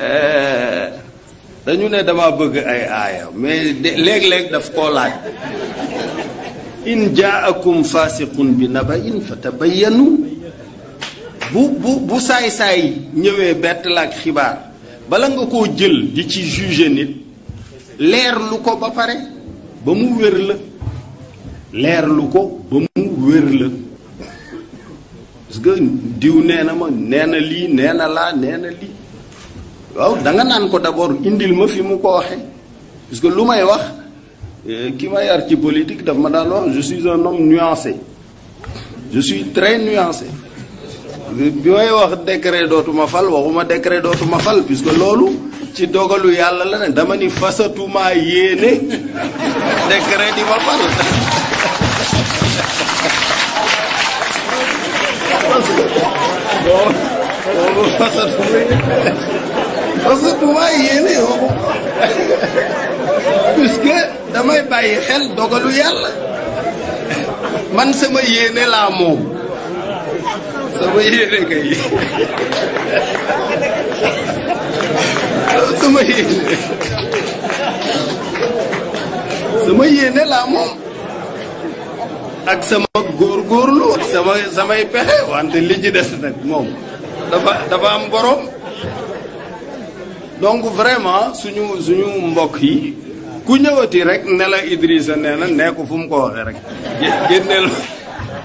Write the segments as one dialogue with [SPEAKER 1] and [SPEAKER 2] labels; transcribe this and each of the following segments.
[SPEAKER 1] Eh, dañu ne dama bëgg ay aaya mais léeg-léeg daf koo laaj in jaakum fasiqun bi nabain fa yenu bu bu bu saay-saay ñëwee bett la ak xibaar bala nga koo jël di ci juger nit leerlu ko ba pare ba mu wér la leerlu ko ba mu wér la parce que diw nee na ma nee na lii nee na laa nee lii waaw da nga naan ko d'abord indil ma fi mu ko waxee parce que lu may wax ki ma yar ci politique daf ma daan wax je suis un homme nuancé je suis très nuancé bi may wax décret dootuma fal waxuma décret dootuma fal puisque loolu ci dogalu yàlla la ne dama ni fasatuma yéene décret di ma fal parce que boobu parce que yéene yoo ko damay bàyyi xel dogalu yàlla man sama yéene laa moom sama yéene kay sama yéene sama yéene laa moom ak sama góorgóorlu ak sama samay pexe wante li ci des nag moom dafa dafa am borom. donc vraiment suñu suñu mbokk yi ku ñëwati rek ne la nee na nee ko fu mu ko waxee rek génneel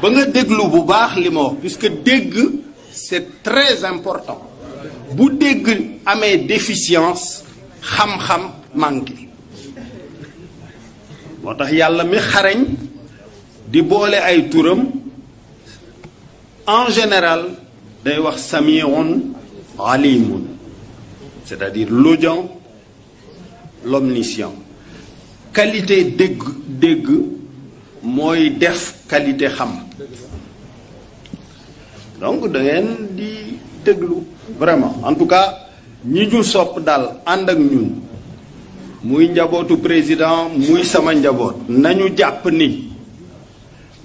[SPEAKER 1] ba nga déglu bu baax li ma wax puisque dégg c'est très important bu dégg amee déficience xam-xam manqué moo tax yàlla mi xarañ di boole ay turam en général day wax samiun alimun c'est-à-dire l'audient, l'omniscient qualité dégg dégg mooy def qualité xam donc da di déglu vraiment en tout cas ñi ñu sopp daal ànd ak ñun muy njabootu président muy sama njaboot nañu jàpp ni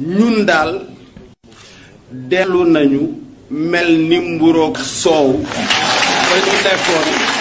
[SPEAKER 1] ñun daal dellu nañu mel ni mburoog soow Foi tudo telefone.